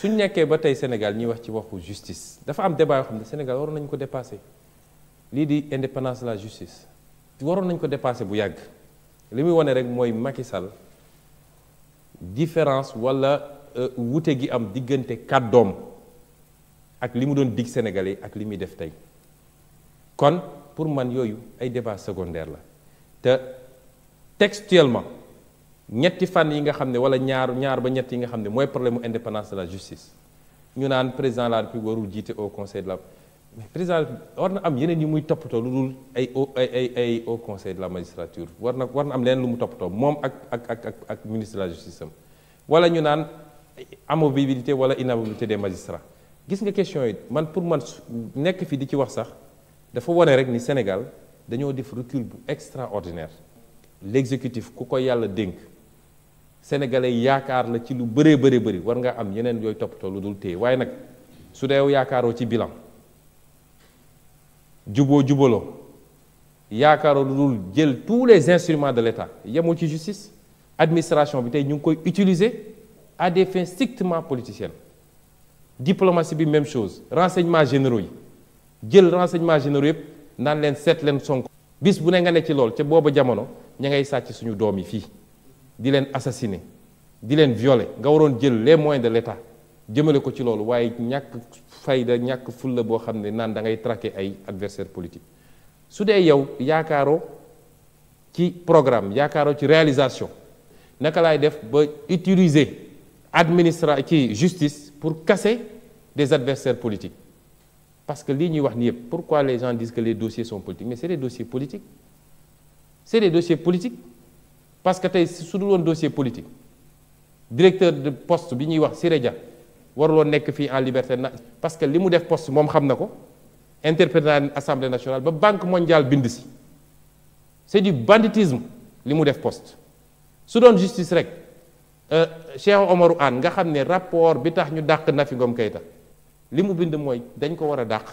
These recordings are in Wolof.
suñ nekkee ba tey Sénégal ñuy wax ci waxu justice dafa am débat yoo xam ne Sénégal waroon nañ ko dépassé lii di indépendance la justice waroon nañ ko dépassé bu yàgg li muy wane rek mooy Macky Sall différence wala euh, wute gi am diggante kàddoom ak li mu doon sénégal Sénégalais ak li muy def tey kon pour man yooyu ay débat secondaire la te textuellement ñetti fànn yi nga xam ne wala ñaar ñaar ba ñett yi nga xam ne mooy problème indépendance de la justice ñu naan président la république warul jiite au conseil de la mais président war na am yeneen yi muy toppatoo lu dul ay ay ay ay au conseil de la magistrature war na war na am leneen lu mu toppatoo moom ak ak ak ak ministre de la justice am wala ñu naan amovibilité wala inamovibilité des magistrats gis nga question yi man pour man nekk fi di ci wax sax dafa wane rek ni Sénégal dañoo def recul bu extraordinaire l'exécutif ku ko yàlla dénk sénégalais yaakaar la ci lu bëree bëri bëri war nga am yeneen yooyu toppatoo lu dul téye waaye nag su dee yow yaakaaroo ci bilan juboo jubaloo yaakaaroo lu dul jël tous les instruments de l'État yemoo ci justice administration bi tey ñu ngi koy utiliser à des fins strictement politiciennes diplomatie bi même chose Renseignement généraux yi jël renseignements généraux yëpp naan leen seet leen Sonko bis bu ne nga ne ci lool ca booba jamono ña ngay sàcc suñu doom yi fii di leen assassiner di leen violer nga waroon jël les moyens de l'État jëmale ko ci loolu waaye ñàkk fayda ñàkk fulla boo xam ne naan da ngay traquer ay adversaires politiques su dee yow yaakaaroo ci programme yaakaaroo ci réalisation naka laay def ba utiliser administra ci justice pour casser des adversaires politiques parce que li ñuy wax ni yëpp pourquoi les gens disent que les dossiers sont politiques mais c'est des dossiers politiques c'est des dossiers politiques parce que tay su won dossier politique directeur de poste bi ñuy wax Siré Dia nekk fii en liberté parce que li mu def poste moom xam na ko l'Assemblée assemblée nationale ba banque mondiale bind c'est du banditisme li mu def poste su doon justice rek euh, Cheikh Omarou Anne nga xam ne rapport bi tax ñu dàq Nafi Ngom Keïta li mu bind mooy dañ ko war a dàq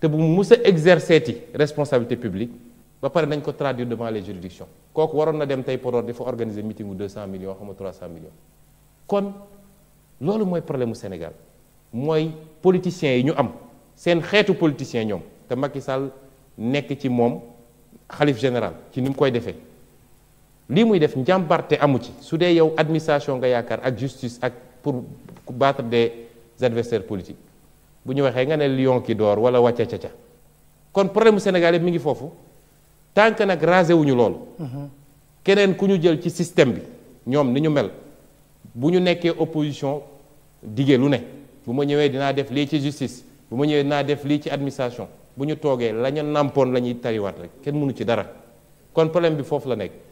te bu mu mus a exercer ti responsabilité publique ba pare nañ ko traduire devant les juridictions kooku waroon na dem tey Podor di fa organiser meeting u 200 millions xam nga 300 millions kon loolu mooy problème mu Sénégal mooy politiciens yi ñu am seen xeetu politiciens ñoom te Macky Sall nekk ci moom xalif général ci ni mu koy defee lii muy def njàmbarte amu ci su dee yow administration nga yaakaar ak justice ak pour battre de adversaires politique bu ñu waxee nga ne lion ki door wala ca ca kon problème mu Sénégal yëpp mi ngi foofu tant que nag rasé wuñu loolu mhm. keneen ku ñu jël ci système bi ñoom ni ñu mel bu ñu nekkee opposition digee lu ne bu ma ñëwee dinaa def lii ci justice bu ma ñëwee dinaa def lii ci administration bu ñu toogee la ñu nàmpoon la ñuy tariwaat rek kenn mënu ci dara kon problème bi foofu la nekk